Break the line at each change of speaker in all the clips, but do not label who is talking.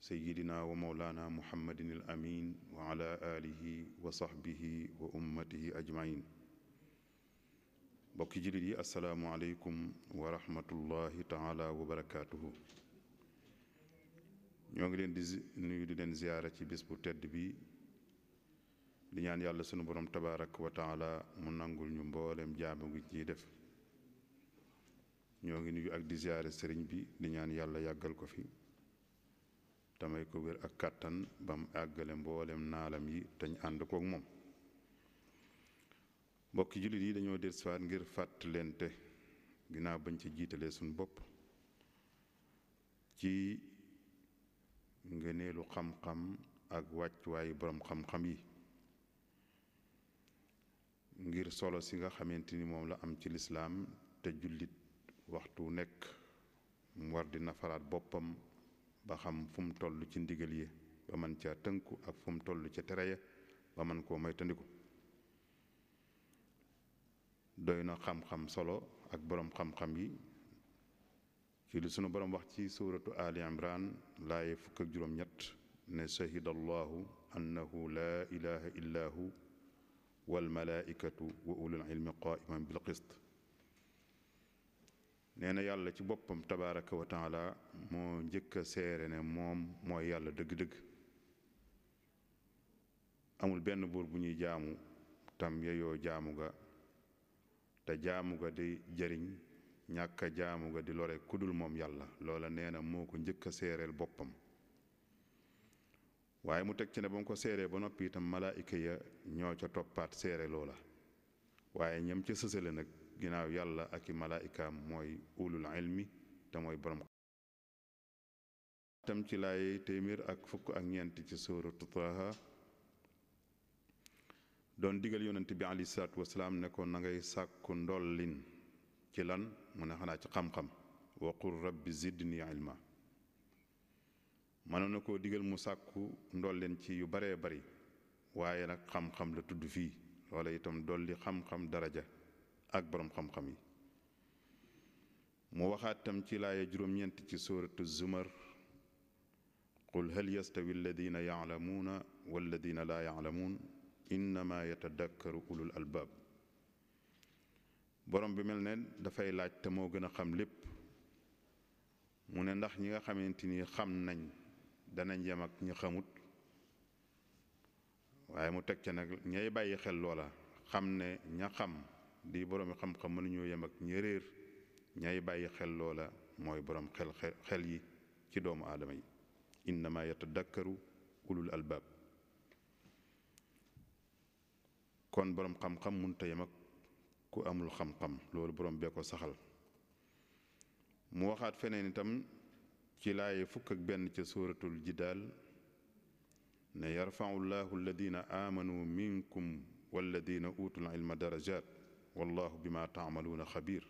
sayyidina wa mawlaana muhammadin al amin wa ala alihi wa sahbihi wa ummatihi ajmain mbokki jullit yi asalaamualeykum wa rahmatullahi taala wa barakaatuhu ñoo ngi leen di di leen ziyaara ci bis bu tedd bi di ñaan yàlla sunu borom tabaarak wa taala mu nangul ñu mboolem jaamu ngi ciy def ñoo ngi nuyu ak di ziyaara sëriñ bi di ñaan yàlla yàggal ko fi damay ko wér ak kàttan ba mu àggale mboolem naalam yi teñ ànd kook moom mbokki jullit yi dañoo dellusiwaat ngir fàttalente ginnaaw bañ ci jiitalee sunu bopp ci ngëneelu xam-xam ak wàccuwaayu boroom xam-xam yi ngir solo si nga xamante ni moom la am ci lislaam te jullit waxtu nekk mu war di nafaraat boppam ba xam fu mu toll ci ndigal yi ba man caa tënku ak fu mu toll ca tere ya ba man koo moytandiku doy na xam-xam solo ak boroom xam-xam yi ci li sunu boroom wax ci suuratu ali imran laaye fukk ak juróom-ñett ne shahida allahu annahu laa ilaha illa hu wal malaikatu wa ulul ilmi qaiman bil qist nee na yàlla ci boppam tabaraka wa taala moo njëkk a seere ne moom mooy yàlla dëgg-dëgg amul benn buur bu ñuy jaamu tam yeyoo jaamu ga te jaamu ga di jëriñ ñàkk a jaamu ga di lore kudul moom yàlla loola nee na moo ko njëkk a seereel boppam waaye mu teg ci ne ba mu ko seeree ba noppi itam malaayika ya ñoo ca toppaat seere loola waaye ñam ca sësale nag ginnaaw yàlla ak i malaayikaam mooy ulul borom tam ci laay téeméer ak fukk ak ñeent ci suuratu Taaha doon digal yonent bi alayhi salaatu wasalaam ne ko na ngay sàkku ndollin ci lan mu xanaa ci xam-xam wa qul rabbi zidni ilma mënoon na ko digal mu sàkku ndollin ci yu baree bari waaye nag xam-xam la tudd fii loola itam dolli xam-xam daraja ak boroom xam-xam yi mu waxaat tam ci laaya juróom-ñeent ci suuratu zumar qul hal yastawi alladina yaalamuuna walladina laa yaalamuun innama yatadakkaru ulul bi mel ne dafay laaj te moo gën a xam lépp mu ne ndax ñi nga xamante ni xam nañ danañ yem ak ñi xamut waaye mu teg ci nag ñay bàyyi xel loola xam ne ña xam di borom xam-xam mënuñoo yem ak ñi réer ñay bàyyi xel loola mooy boroom xel xel yi ci doomu aadama yi innama yatadakkaru ulul albaab kon boroom xam-xam mënut a ku amul xam-xam loolu borom bee ko saxal mu waxaat feneen itam ci laaye fukk ak benn ca suuratul jidaal ne yarfau llahu alladina amanu minkum walladina utul ilma darajat wallahu bi ma a xabiir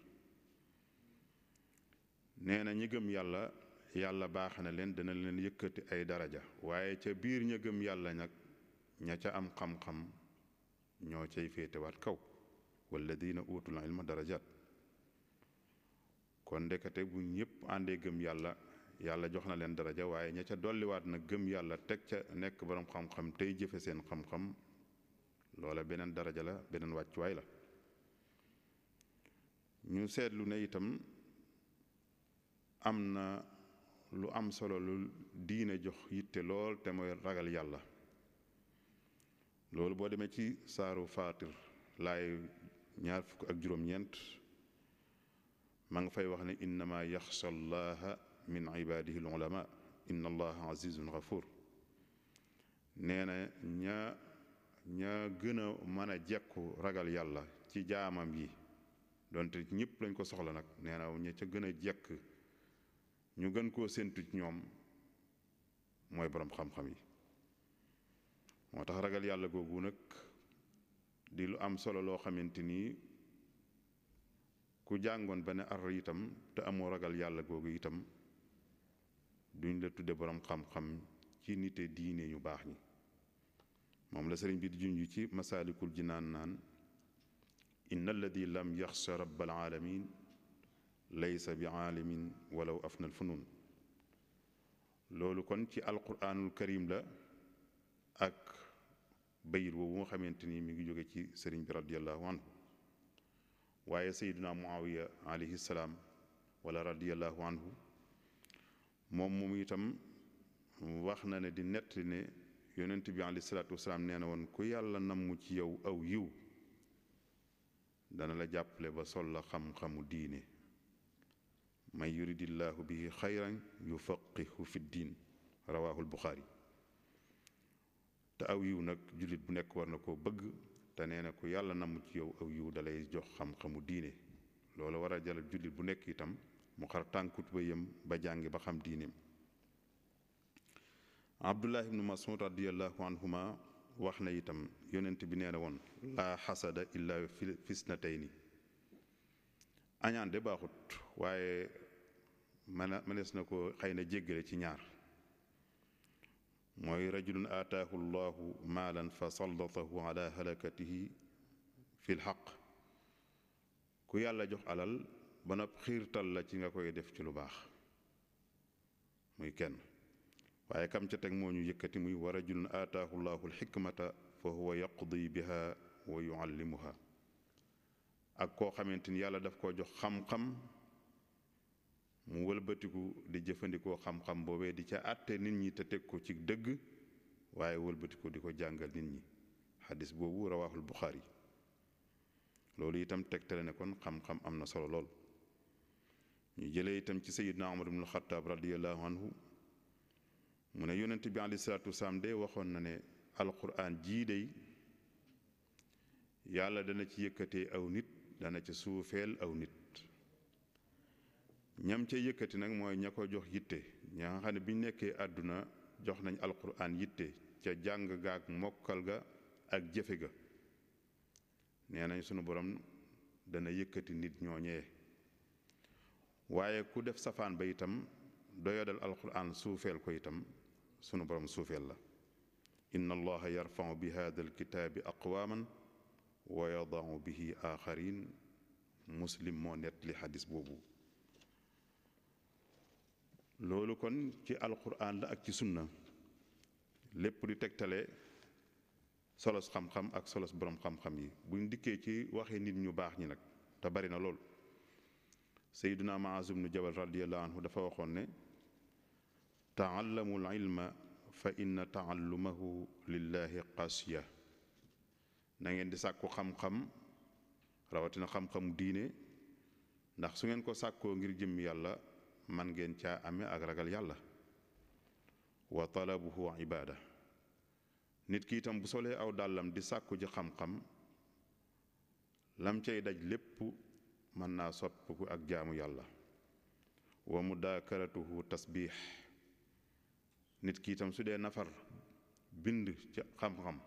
nee na ñi gëm yàlla yàlla baax na leen dana leen yëkkati ay daraja waaye ca biir ña gëm yàlla nag ña ca am xam-xam ñoo cay féetewaat kaw dina walladina utul ilma darajat kon ndekete bu ñëpp àndee gëm yàlla yàlla jox na leen daraja waaye ña ca dolliwaat nag gëm yàlla teg ca nekk boroom xam-xam tey jëfe seen xam-xam loola beneen daraja la beneen wàccuwaay la ñu seetlu na itam am na lu am solo lu diine jox yitte lool te mooy ragal yàlla loolu boo demee ci saaru faatir laay ñaar fukk ak juróom-ñeent ma nga fay wax ne innama yaxsha allaha min ibadihi lulama inna allaha azizun ghafuur neena na ña ña gën a mën a jekku ragal yàlla ci jaamam yi donte ñëpp lañ ko soxla nag nee na ñee ca gën a jekk ñu gën koo séntu ñoom mooy boroom xam-xam yi moo tax ragal yàlla googu nag di lu am solo loo xamante ni ku jàngoon ba ne ar itam te amoo ragal yàlla googu itam duñ la tudde boroom xam-xam ci nit diine ñu baax ñi moom la sëriñ bi di junj ci masaalikul naan naan inna alladi lam yaxsha rabbal alamin laysa bi aalimin walaw afna alfunun loolu kon ci alquranul karim la ak bayit woowu nga xamante ni mi ngi jóge ci sëriñ bi radiallahu anhu waaye sayduna muawiya alayhi salaam wala radiallahu anhu moom moom itam wax na ne di nett ne yonent bi alayhi salaatu wasalaam nee na woon ku yàlla namm ci yow aw yiw dana la jàppale ba sol la xam-xamu diine man yuridillahu bi xayran yu fi diin rawaahul buxaari te aw yiw nag jullit bu nekk war na koo bëgg te nee na ko yàlla namm ci yow aw yiw dalay jox xam-xamu diine loolu war a jalab jullit bu nekk itam mu xar tànkut ba yem ba jàngi ba xam diineem abdullah ibnu masud radiallahu anhuma wax na itam yonent bi nee na woon laa xasada illa fisnatayni añaan de baaxut waaye mana mënees na ko xëy na jéggale ci ñaar mooy rajulun aataahu llahu maalan fa sallatahu ala halakatihi fi lxaq ku yàlla jox alal ba nopp xiirtal la ci nga koy def ci lu baax muy kenn waaye kam ca teg moo ñu yëkkati muy wa rajulun aataahu llaahu alxikmata fa huwa yaqdi biha wa yuallimuha ak koo xamante ni yàlla daf koo jox xam-xam mu wëlbatiku di jëfandikoo xam-xam boobee di ca àtte nit ñi te teg ko ci dëgg waaye wëlbatiku di ko jàngal nit ñi xadis boobu rawaaxul buxaari loolu itam tegtale ne kon xam-xam am na solo lool ñu jëlee itam ci sayidna umar ibnul xataab radiallahu anhu mu ne yonent bi aleyhi salaatu wasalaam waxoon na ne alquran jii dey yàlla dana ci yëkkate aw nit dana ci suufeel aw nit ñam ca yëkkati nag mooy ña ko jox yitte ña nga xam ne bi ñu nekkee àdduna jox nañu alquran yitte ca jàng ga ak mokkal ga ak jëfe ga nee nañ sunu borom dana yëkkati nit ñooñee waaye ku def safaan ba itam doyadal alquran suufeel ko itam sunu borom suufeel la inna allaha yarfau bi hada alkitaabi aqwaman wa bi bihi axarin muslim moo nett li xadis boobu loolu kon ci alquran la ak ci sunna lépp di tegtale solos xam-xam ak solos borom xam-xam yi buñ dikkee ci waxe nit ñu baax ñi nag te bari na lool sayduna maazum nu jabal radiallahu anhu dafa waxoon ne taallamu lilma fa inna taallumahu lillahi qasiya na ngeen di sàkku xam-xam rawatina xam-xamu diine ndax su ngeen ko sàkkoo ngir jëm yàlla man ngeen caa amee ak ragal yàlla wa talabuhu ibaada nit ki itam bu solee aw dàllam di sàkku ci xam-xam lam cay daj lépp mën naa soppiku ak jaamu yàlla wa mudakaratuhu tasbiix nit ki itam su dee nafar bind ci xam-xam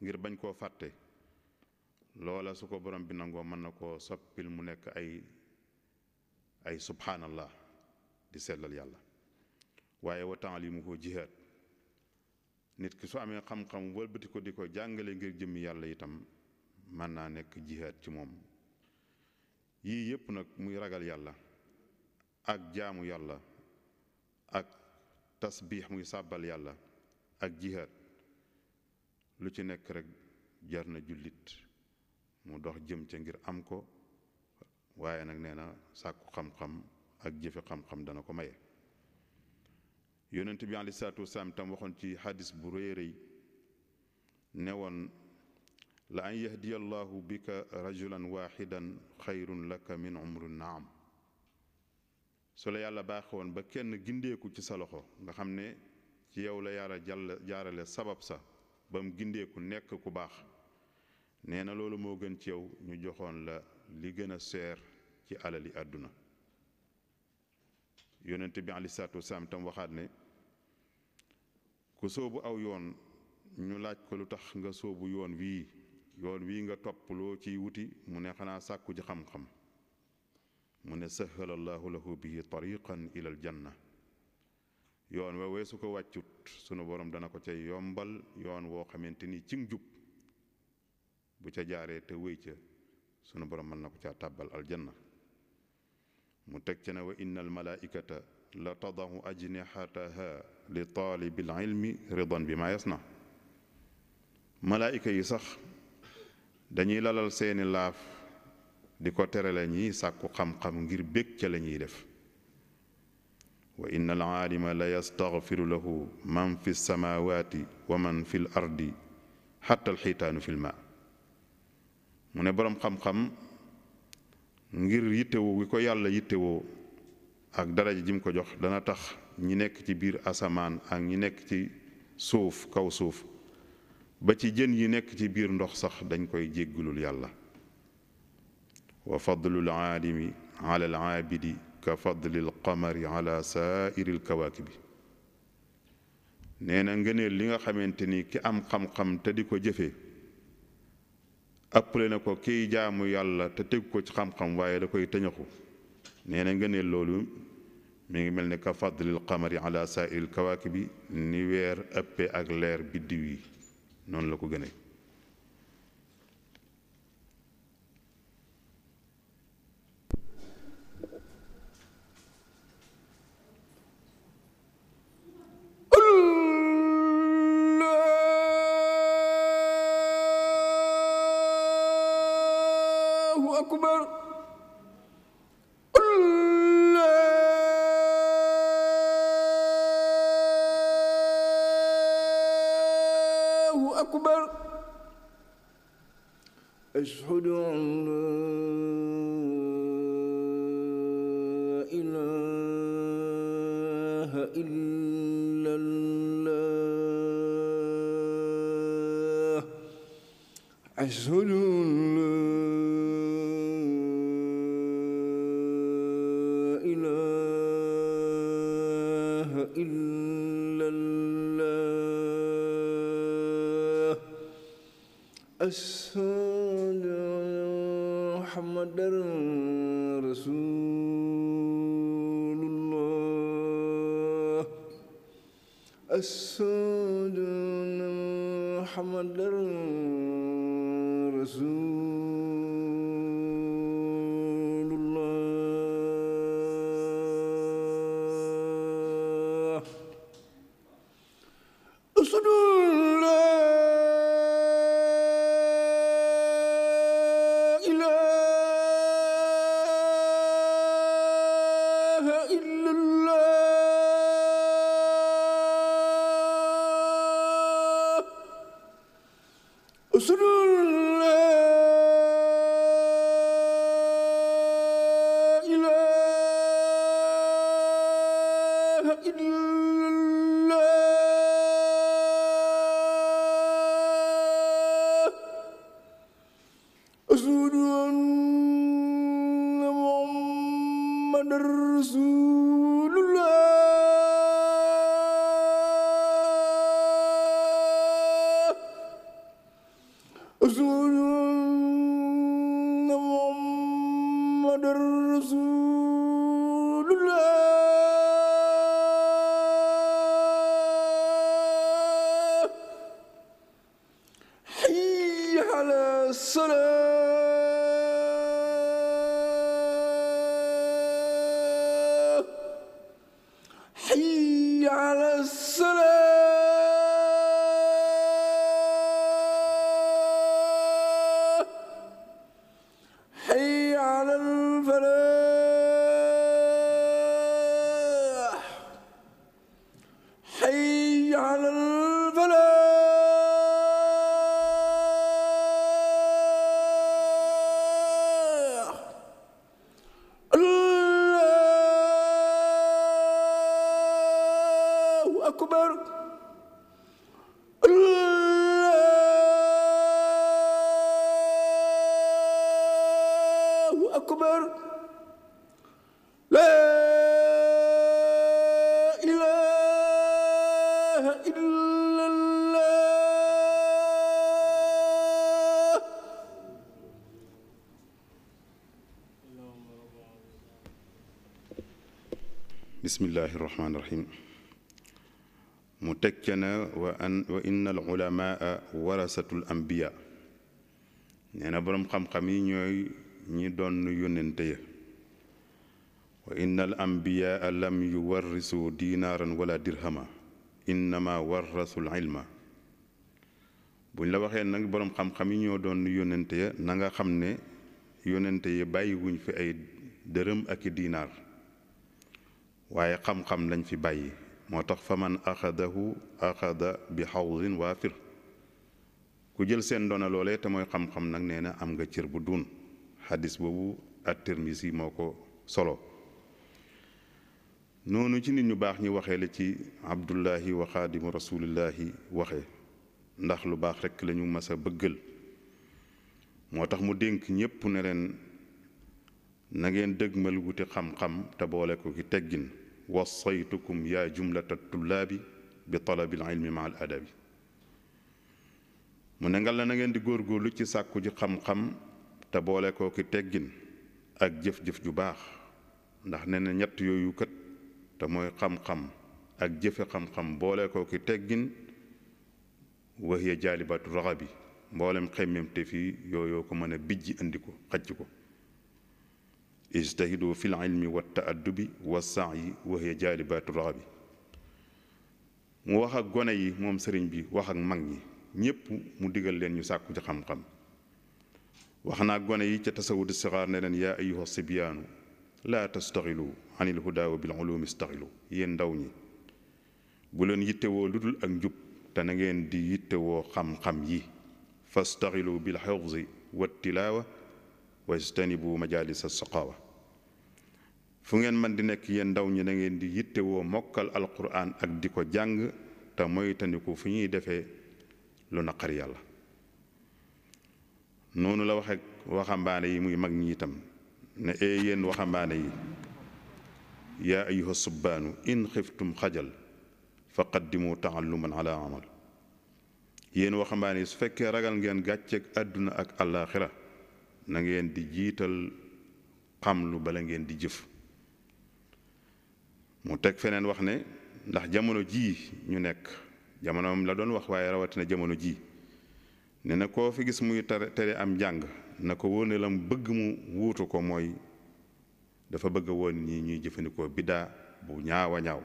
ngir bañ koo fàtte loola su ko borom bi nangoo mën na koo soppil mu nekk ay ay subhanallah di sellal yàlla waaye mu ko jihaad nit ki su amee xam-xam wëlbati ko di ko jàngale ngir jëmmi yàlla itam mën naa nekk jihaad ci moom yii yépp nag muy ragal yàlla ak jaamu yàlla ak tasbiix muy sàbbal yàlla ak jihaad lu ci nekk rekk jar na jullit mu dox jëm ca ngir am ko waaye nag nee na sàkku xam-xam ak jëfe xam-xam dana ko maye yonent bi aleyhi salaatu wasalaam tam waxoon ci xadis bu rëy rëy ne woon la an yahdiya allahu bika rajulan waxidan xayrun laka min umru naam su la yàlla baaxewoon ba kenn gindeeku ci sa loxo nga xam ne ci yow la yàlla jàll jaarale sabab sa ba mu gindeeku nekk ku baax nee na loolu moo gën ci yow ñu joxoon la li gën a seer ci alali àdduna yonent bi aleyhi salaatu wasalaam tam waxaat ne ku sóobu aw yoon ñu laaj ko lu tax nga sóobu yoon wii yoon wii nga topp loo ciy wuti mu ne xanaa sàkku ji xam-xam mu ne sahala allahu lahu bihi tariqan ila al janna yoon wa weesu ko wàccut sunu borom dana ko ca yombal yoon woo xamante ni ci njub bu ca jaaree te wéy ca sunu borom mën na ko caa tàbbal aljanna mu teg ca ne wa inna al malaikata la tadahu ajnihataha li taalibil ilmi ridan bi ma na malaayika yi sax dañuy lalal seeni laaf di ko terale ñi sàkku xam-xam ngir bég ca la def wa inna al aalima la yastaxfiru lahu man fi samawati wa man fi ardi xatta alxiitaanu fi mu ne boroom xam-xam ngir yittewoo gi ko yàlla yittewoo ak daraja ji mu ko jox dana tax ñi nekk ci biir asamaan ak ñi nekk ci suuf kaw suuf ba ci jën yi nekk ci biir ndox sax dañ koy jéggalul yàlla wa fadlul aalimi ala al aabidi ka fadlil qamari ala saairil nee na ngëneel li nga xamante ni ki am xam-xam te di ko jëfe ëpp ëppale na ko kiy jaamu yàlla te tegu ko ci xam-xam waaye da koy tëñaxu nee na ngëneel loolu mu ngi mel ni ka fadlil qamari ala saairil ni weer ëppee ak leer biddiw yi noonu la ko gënee
يشهدون إلا الله أكبر لا إله إلا الله
بسم الله الرحمن الرحيم متكنا وأن وإن العلماء ورثة الأنبياء nee na boroom xam-xam yi ñooy ñi doon yónnente ya wa inna al ambiyaa lam yuwarrisu dinaaran wala dirhama innama warrasul ilma buñ la waxee nag boroom xam-xam yi ñoo doon yónnente ya na xam ne yónnente ya bàyyiwuñ fi ay dërëm ak i diinaar waaye xam-xam lañ fi bàyyi moo tax fa man axadahu axada bi xawdin waafir ku jël seen doona te mooy xam-xam nag nee na am nga cër bu duun xadis boobu at-Tirmisi moo ko solo noonu ci nit ñu baax ñi waxee la ci abdullahi wa xaadimu rasulillahi waxee ndax lu baax rekk lañu mas a bëggal moo tax mu dénk ñépp ne leen na ngeen dëgmal wuti xam-xam te boole ko ki teggin wasaytukum yaa jumlata tullaabi bi talabil ilmi ma al adabi mu ne nga na ngeen di góorgóorlu ci sàkku ji xam-xam te boole koo ki teggin ak jëf-jëf ju baax ndax nee na ñett yooyu kat te mooy xam-xam ak jëfe xam-xam boole koo ki teggin waxiya jaalibatu raxa bi mboolem xemmem te fii yooyu ko mën a bijji indi ko xacc ko ijtahidu fil ilmi wa taaddubi wa saayi waxiya jaalibaatu raxa bi mu wax ak gone yi moom sëriñ bi wax ak mag ñi ñépp mu digal leen ñu sàkku ci xam-xam wax naa gone yi ca tasawudu sixaar ne leen yaa ayuha sibyaanu laata tastaxilu anil huda wa bil ulumi staxilu yéen ndaw ñi bu leen yittewoo lu dul ak njub te na ngeen di yittewoo xam-xam yi fastaxilu bil xifzi wa tilaawa wa istanibu majalis saqaawa fu ngeen man di nekk yéen ndaw ñi na ngeen di yittewoo mokkal alquran ak di ko jàng te moytandiku fu ñuy defee lu naqar yàlla noonu la wax waxambaane yi muy mag ñiitam itam ne ee yéen waxambaane yi yaa ayuha subbaanu in xiftum xajal fa qaddimu taalluman ala amal yéen waxambaane yi su fekkee ragal ngeen gàcceeg àdduna ak àllaaxira na ngeen di jiital xamlu bala ngeen di jëf mu teg feneen wax ne ndax jamono ji ñu nekk jamono jamonoom la doon wax waaye rawatina jamono jii ne na koo fi gis muy tere tere am njàng na ko wóor ne lam bëgg mu wuutu ko mooy dafa bëgg woon ñi ñuy jëfandikoo biddaa bu ñaaw a ñaaw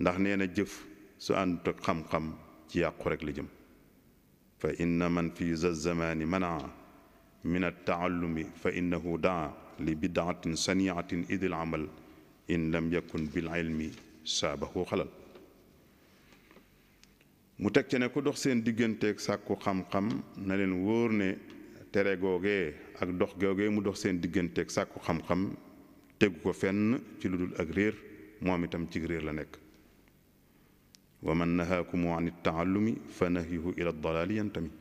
ndax nee na jëf su àndut ak xam-xam ci yàqu rek la jëm fa inna man fi za zamani manaa min attaallumi fa in daa li bidaatin saniatin idil amal in lam yakun bil ilmi saabahu xalal mu teg ci ne ku dox seen digganteeg sàkku xam-xam na leen wóor ne tere googee ak dox googee mu dox seen digganteeg sàkku xam-xam tegu ko fenn ci lu dul ak réer moom itam ci réer la nekk wa man nahaakumu an taallumi fa nahyuhu ila dalaali tamit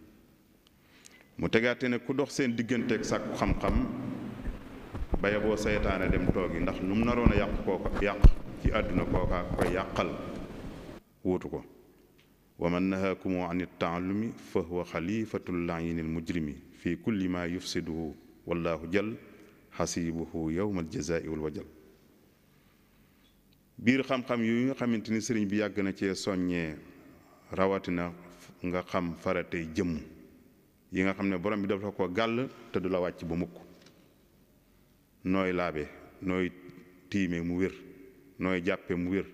mu tegaate ne ku dox seen digganteeg sàkku xam-xam baye boo saytaane dem toogi ndax lu mu naroon a yàq ko yàq ci àdduna kooka koy yàqal wuutu ko wa man nahaakumu an ittaallumi fa huwa xalifatul laayinil mujrimi fi kulli ma yufsiduhu wallaahu jal xasibuhu yowmal jazaai wal wajal biir xam-xam yu nga xamante ni sëriñ bi yàgg na cee soññee rawatina nga xam faratey jëmm yi nga xam ne borom bi dafa ko gàll te du la wàcc ba mukk nooy laabe nooy tiime mu wér nooy jàppe mu wér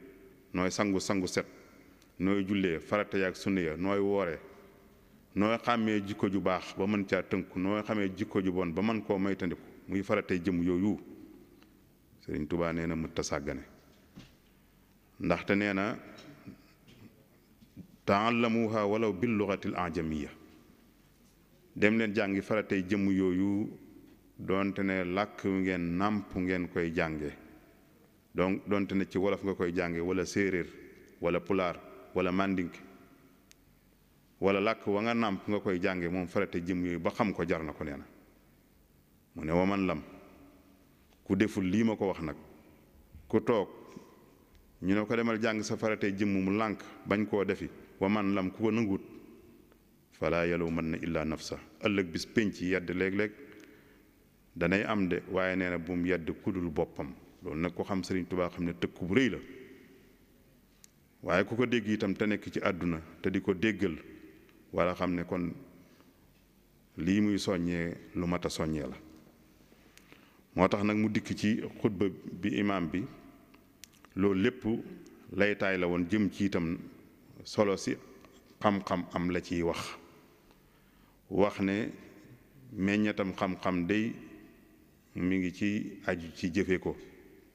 nooy sangu sangu set nooy jullee farata ak sunna ya nooy woore nooy xàmmee jikko ju baax ba mën caa tënku nooy xamee jikko ju bon ba mën koo maytandiku muy faratay jëm yooyu Sëriñ Tuubaa nee na mut ta sàggane ndaxte nee na taallamuha walaw bil lugatil ajamiya dem leen jàngi faratay jëm yooyu doonte ne làkk ngeen nàmp ngeen koy jànge donc donte ne ci wolof nga koy jànge wala séeréer wala pulaar wala màndink walla làkk wa nga nàmp nga koy jànge moom farate jëm yooyu ba xam ko jar na ko nee mu ne waman lam ku deful lii ma ko wax nag ku toog ñu ne ko demal jàng sa farate jëm mu lànk bañ koo defi waman lam ku ko nanguut fala yellow mën na illaa sa ëllëg bis pénc yedd léeg-léeg danay am de waaye nee na bu mu yedd kudul boppam loolu nag ko xam Sëriñ Tuubaa xam ne tëkku bu rëy la waaye ku ko dégg itam te nekk ci àdduna te di ko déggal wala xam ne kon lii muy soññee lu mat a soññee la moo tax nag mu dikk ci xutba bi imaam bi loolu lépp laytaay la woon jëm ci itam solo si xam-xam am la ciy wax wax ne meññetam xam-xam day mi ngi ci aju ci jëfe ko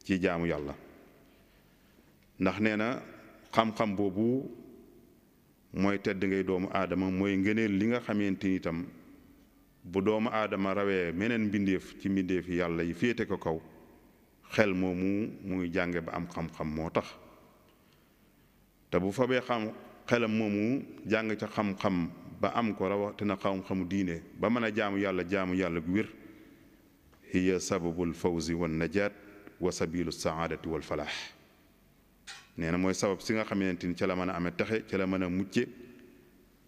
ci jaamu yàlla ndax nee na xam-xam boobu mooy tedd ngay doomu aadama mooy ngëneel li nga xamante ni itam bu doomu aadama rawee meneen mbindeef ci mbindeef yàlla yi féete ko kaw xel moomu muy ba am xam moo tax te bu fabee xam xelam moomu jàng ca xam-xam ba am ko rawatina xam-xamu diine ba mën a jaamu yàlla jaamu yàlla gu wér hiya sababul fawzi wan najaat wa sabilu saadati wal falaax nee na mooy sabab si nga xamante ni ca la mën a amee taxe ca la mën a mucce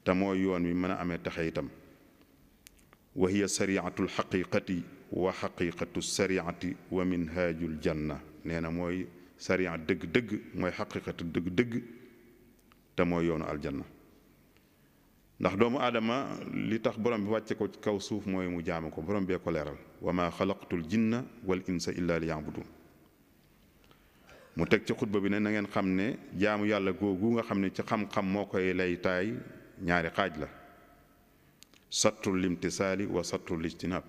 te mooy yoon wi mën a amee taxe itam wa hiya sariatul xaqiqati wa xaqiqatu sariati wa minhaajul janna nee na mooy sariat dëgg-dëgg mooy xaqiqatu dëgg-dëgg te mooy yoonu aljanna ndax doomu aadama li tax borom bi wàcce ko ci kaw suuf mooy mu jaamu ko borom bee ko leeral wa ma xalaqtul jinna wal insa illa li mu teg ci xutba bi ne na ngeen xam ne jaamu yàlla googu nga xam ne ci xam-xam moo koy lay taay ñaari xaaj la sattul limtisaali wa sattul lijtinaab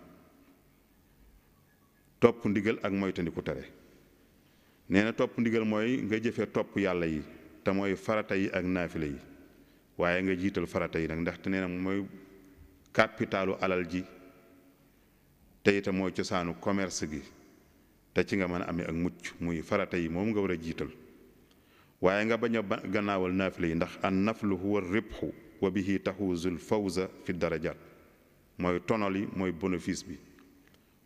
topp ndigal ak moytandiku tere nee na topp ndigal mooy nga jëfe topp yàlla yi te mooy farata yi ak naafila yi waaye nga jiital farata yi nag ndaxte nee na mooy kapitaalu alal ji te mooy cosaanu commerce gi te ci nga mën a amee ak mucc muy farata yi moom nga war a jiital waaye nga bañ a gannaawal naafila yi ndax an naflu huwa ribxu wa bihi taxuuzul fawza fi darajaat mooy tonol mooy bénéfice bi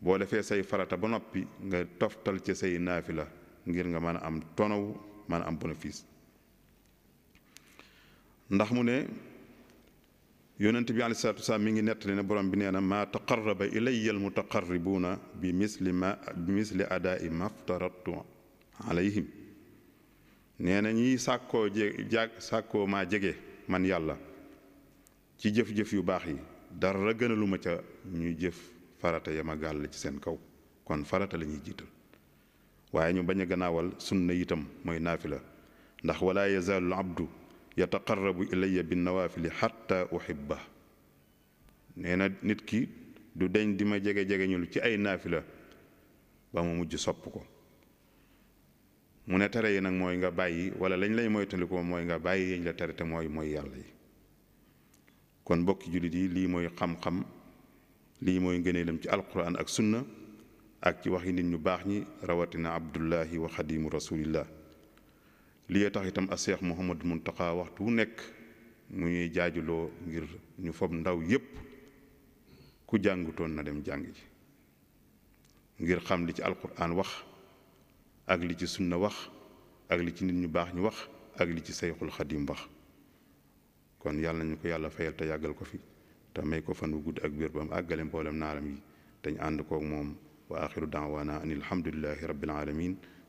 boo defee say farata ba noppi nga toftal ci say naafi la ngir nga mën a am tonow mën am bénéfice ndax mu ne yonent bi alayhi mi ngi nettali ne borom bi nee na maa taqarraba ilayya almutaqarribuuna bi misli ma bi misli adaa'i maftaratu alayhim nee na ñiy sàkkoo je jaag sàkkoo ma jege man yàlla ci jëf-jëf yu baax yi dara gën ma ca ñu jëf farata ya ma gàll ci seen kaw kon farata la ñuy jiital waaye ñu bañ a gannaawal sunna itam mooy naafila ndax wala yazaalu abdu yataqarrabu ilayya bin nawaafili xatta uhibba nee na nit ki du deñ di ma jege jegeñul ci ay naafila ba mu mujj sopp ko mu ne tere yi nag mooy nga bàyyi wala lañ lay moytalikoo mooy nga bàyyi yañ la tere te mooy mooy yàlla yi kon mbokki jullit yi lii mooy xam-xam lii mooy ngëneelam ci alquran ak sunna ak ci wax waxi nit ñu baax ñi rawatina abdullahi wa xadimu rasulillah li tax itam a seex Muhammadu Muntaxa waxtu wu nekk muy jaajuloo ngir ñu fob ndaw yépp ku jàngutoon na dem jàng ji ngir xam li ci alquran wax ak li ci sunna wax ak li ci nit ñu baax ñu wax ak li ci sayxul xadim wax kon yàlla nañu ko yàlla fayal te yàggal ko fi te may ko fan wu gudd ak biir ba mu àggale mboolem naaram yi dañ ànd koog moom wa axiru daawaana an alhamdulilahi rabbil alamin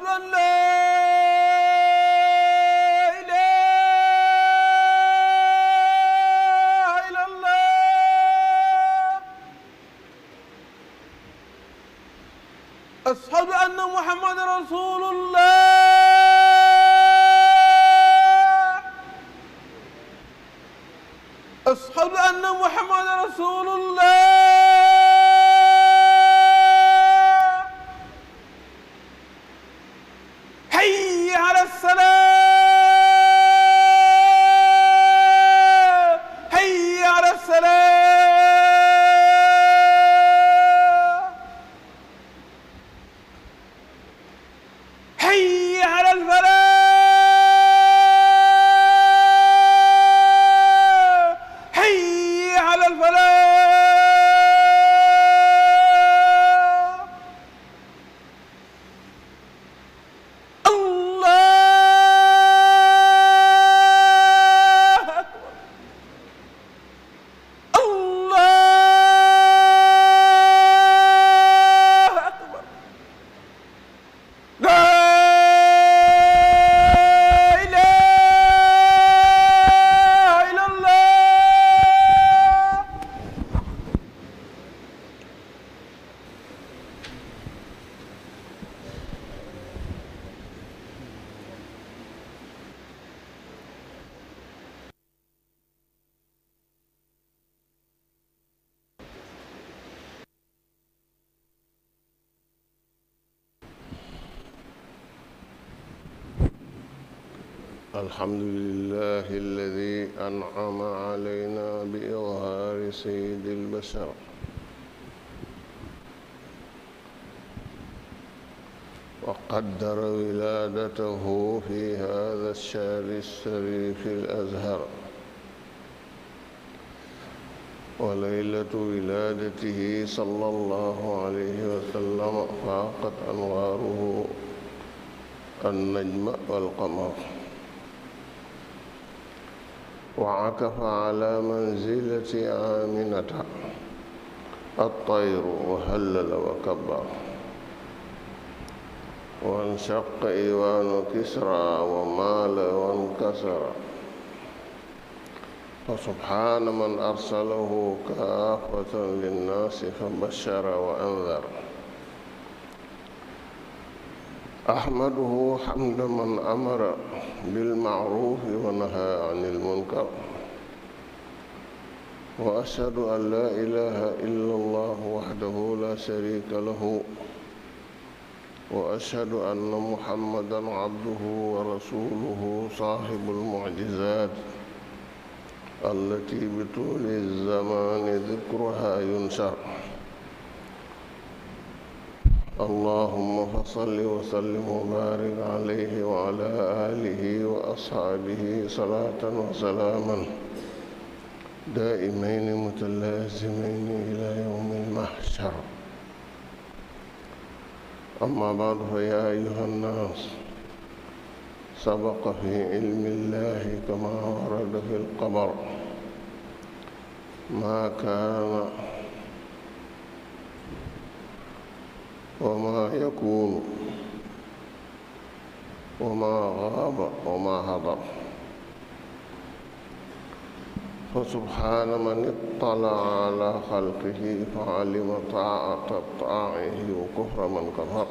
أشهد أن لا
الحمد لله الذي أنعم علينا بإظهار سيد البشر وقدر ولادته في هذا الشهر الشريف الأزهر وليلة ولادته صلى الله عليه وسلم فاقت أنواره النجم والقمر وعكف على منزلة عامنة الطير وهلل وكبر وانشق إيوان كسرى ومال وانكسر فسبحان من أرسله كافة للناس فبشر وأنذر أحمده حمد من أمر بالمعروف ونهى عن المنكر وأشهد أن لا إله إلا الله وحده لا شريك له وأشهد أن محمدا عبده ورسوله صاحب المعجزات التي بطول الزمان ذكرها ينشر اللهم فصل وسلم وبارك عليه وعلى آله وأصحابه صلاة وسلاما دائمين متلازمين إلى يوم المحشر أما بعد فيا أيها الناس سبق في علم الله كما ورد في القبر ما كان وما يكون وما غاب وما هضر فسبحان من اطلع على خلقه فعلم طاعة طاعه وكفر من كفر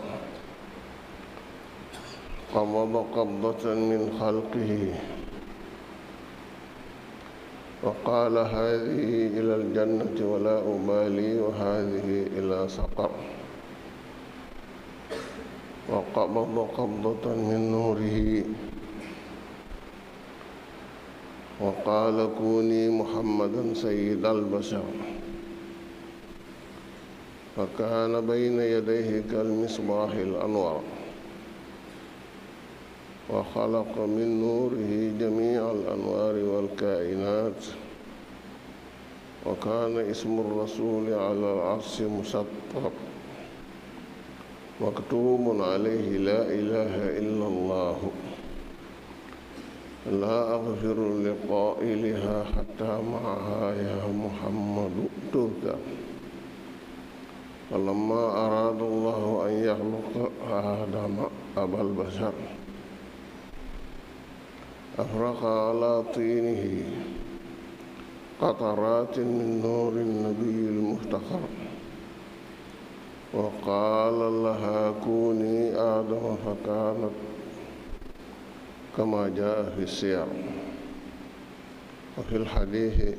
قبض قبضة من خلقه وقال هذه إلى الجنة ولا أبالي وهذه إلى سقر وقبض قبضة من نوره وقال كوني محمدا سيد البشر فكان بين يديه كالمصباح الأنور وخلق من نوره جميع الأنوار والكائنات وكان اسم الرسول على العرش مسطر مكتوب عليه لا إله إلا الله لا أغفر لقائلها حتى معها يا محمد تهدى فلما أراد الله أن يخلق آدم أبا البشر أفرق على طينه قطرات من نور النبي المفتخر wa qaala lahaa kuuni aadama fa kaanat kama jaa fi siyar wa fi lxadiisi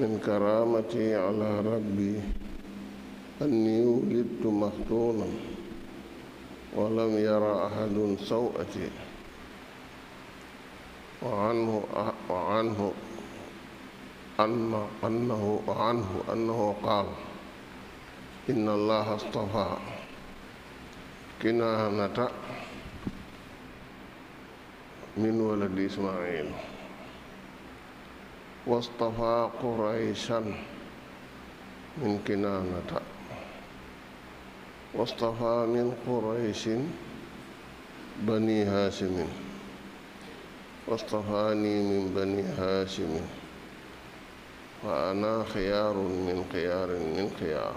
min karaamati ala rabbi anni wulidtu maxtuunan wa lam yara ahadun saw'ati wa anhu wa anhu annahu wa anhu annahu qaala inna allaha astafa kinaanata min waladi ismail wastafa qurayshan min kinaanata wastafa min qurayshin bani haashimin wastafaani min bani haashimin wa ana xiyaarun min xiyaar min xiyaar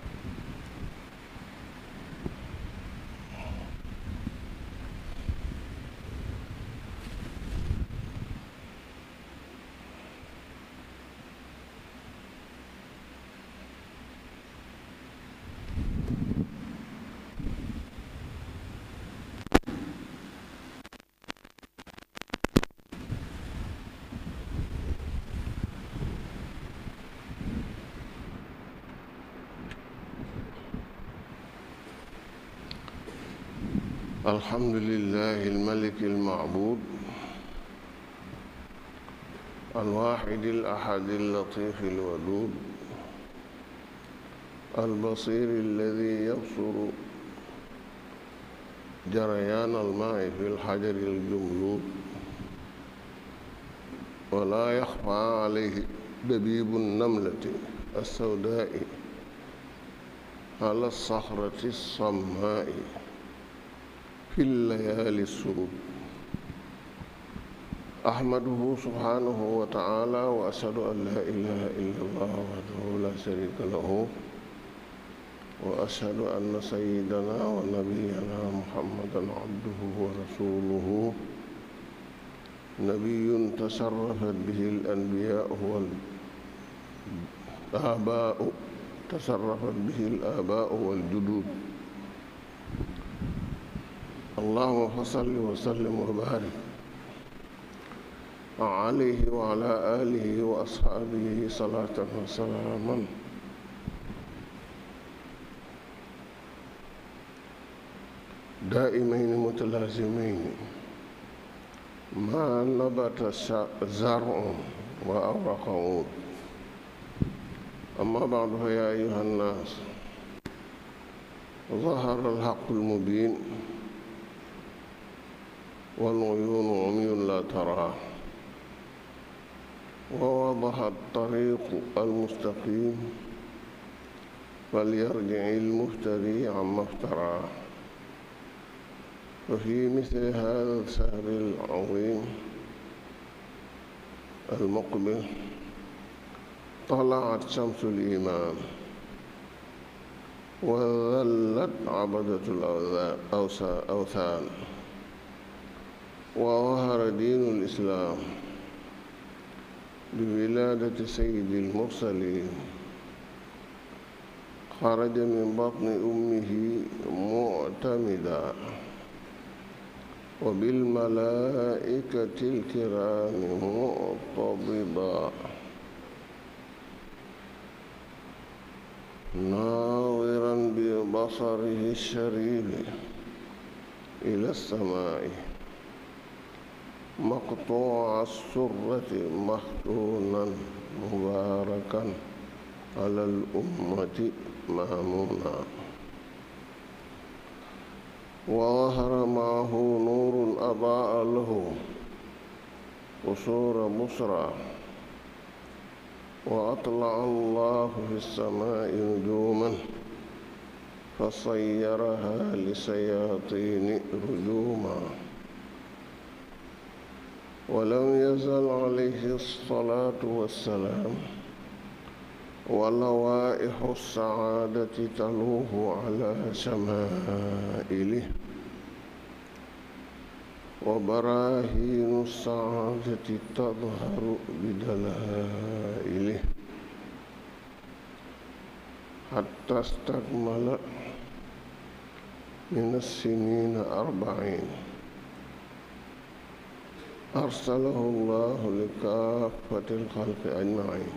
الحمد لله الملك المعبود الواحد الأحد اللطيف الودود البصير الذي يبصر جريان الماء في الحجر الجملود ولا يخفى عليه دبيب النملة السوداء على الصخرة الصماء في الليالي السرور أحمده سبحانه وتعالى وأشهد أن لا إله إلا الله وحده لا شريك له وأشهد أن سيدنا ونبينا محمدا عبده ورسوله نبي تشرفت به الأنبياء والآباء تشرفت به الآباء والجدود اللهم صل وسلم وبارك عليه وعلى آله وأصحابه صلاة وسلاما دائمين متلازمين ما نبت زرع وأورق عود أما بعد فيا أيها الناس ظهر الحق المبين والعيون عمي لا تراه ووضح الطريق المستقيم فليرجع المفتري عما افتراه وفي مثل هذا السهر العظيم المقبل طلعت شمس الإيمان وذلت عبدة الأوثان وظهر دين الإسلام بولادة سيد المرسلين خرج من بطن أمه معتمدا وبالملائكة الكرام مقتضبا ناظرا ببصره الشريف إلى السماء مقطوع السرة مختونا مباركا على الأمة مامونا وظهر معه نور أضاء له قصور بصرى وأطلع الله في السماء نجوما فصيرها لسياطين رجوما ولم يزل عليه الصلاة والسلام ولوائح السعادة تلوه على شمائله وبراهين السعادة تظهر بدلائله حتى استكمل من السنين أربعين arsalahu llahu li kaafati lxalqi ajmain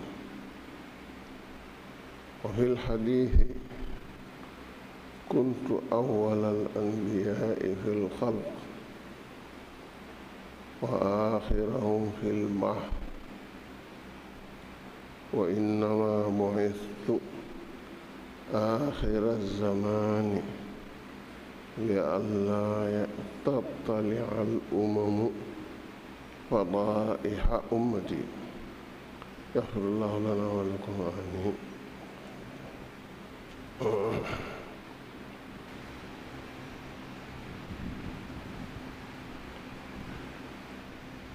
wa fi lxadiisi kuntu awwala alanbiyaai fi lxalq wa aaxirahum fi lbax wa innama buistu aaxira zamaani li allaa yattalia al umamu فضائح أمتي يغفر الله لنا ولكم آمين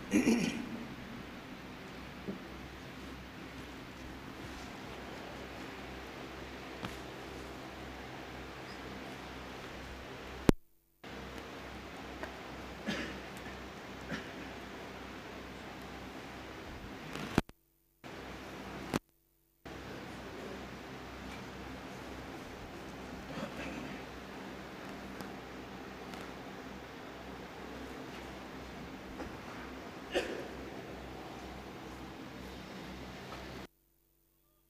Mm-hmm.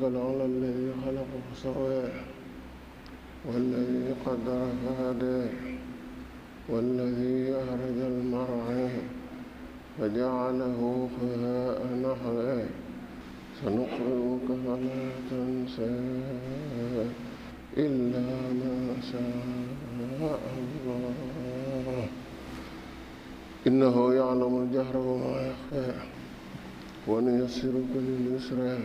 تبارك العلى الذي خلق فسوى والذي قدر فهدى والذي أخرج المرعى فجعله غثاء نحوه سنقرئك فلا تنسى إلا ما شاء الله إنه يعلم الجهر وما يخفى ونيسرك لليسرى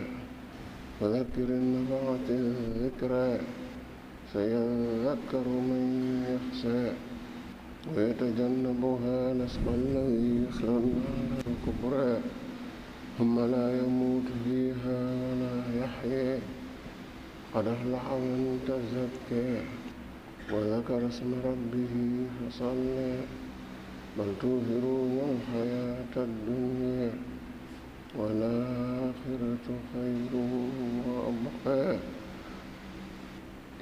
وذكر نفعت الذكرى سيذكر من يخشى ويتجنبها الأشقى الذي يصلى النار الكبرى ثم لا يموت فيها ولا يحيى قد أفلح من تزكى وذكر اسم ربه فصلى بل توهرون الحياة الدنيا والآخرة خير وأبقى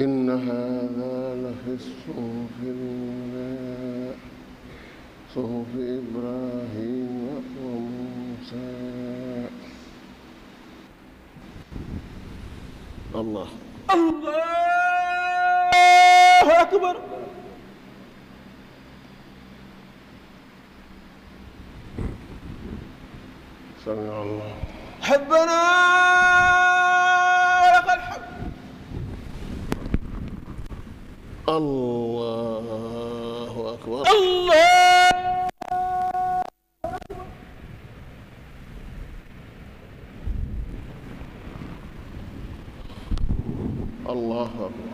إن هذا لفي الصحف الأولى صحف إبراهيم وموسى الله
الله أكبر
سمع الله
حبنا لك الحمد
الله أكبر
الله
الله أكبر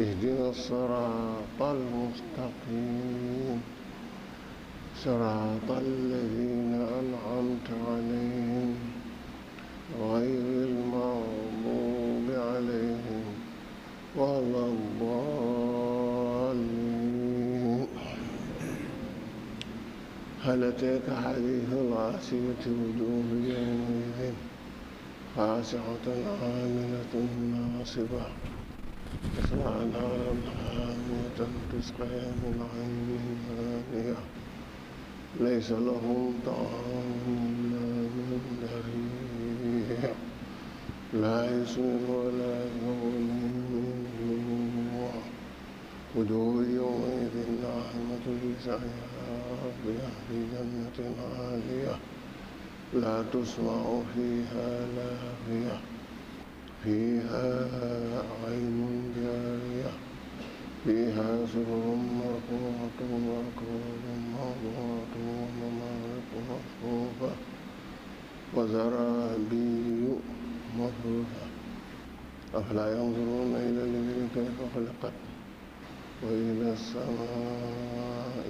اهدنا الصراط المستقيم صراط الذين أنعمت عليهم غير المغضوب عليهم ولا الضالين هل أتاك حديث العاسية وجوه يومئذ خاشعة عاملة ناصبة على الأنعام وتنقسق من عينها ليس لهم طعام إلا من ضريع لا يسمن ولا يغني من وجوه يومئذ ناعمة لسعيها في جنة عالية لا تسمع فيها لاغية فيها عين جارية فيها سرر مرفوعة وأكواب موضوعة وممالك مصفوفة وزرابي مصفوفة أفلا ينظرون إلى الإبل كيف خلقت وإلى السماء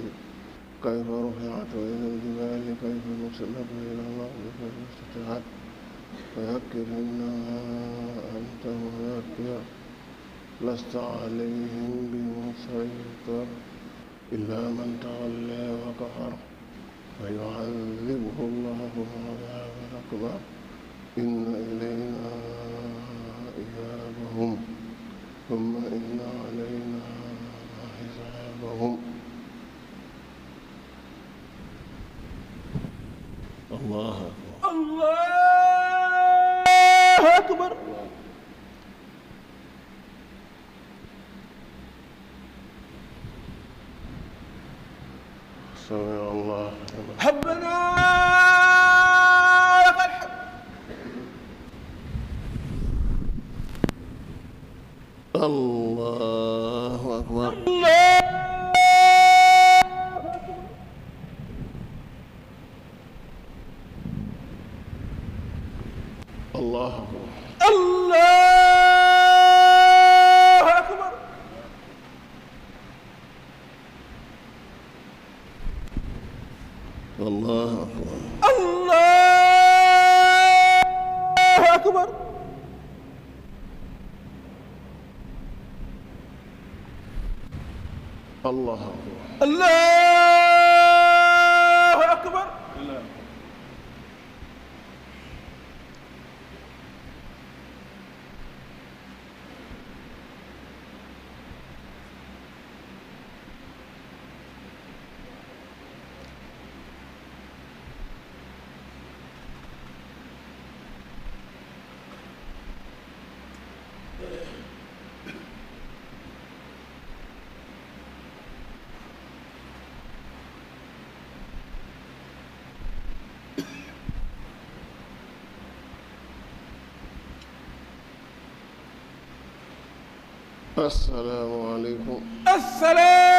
كيف رفعت وإلى الجبال كيف نصبت وإلى الأرض كيف استطيعت فذكرنا أنت مذكر لست عليهم بمسيطر إلا من تولى وكفر فيعذبه الله العذاب الأكبر إن إلينا إيابهم ثم إن علينا حسابهم الله
أكبر الله allah الله الله
asalaamaaleykum.
asalaamaaleykum.